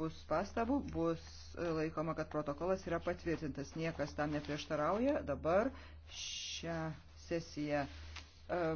nebus pastabų, bus e, laikoma, kad protokolas yra patvirtintas. Niekas tam neprieštarauja. Dabar šią sesiją. E,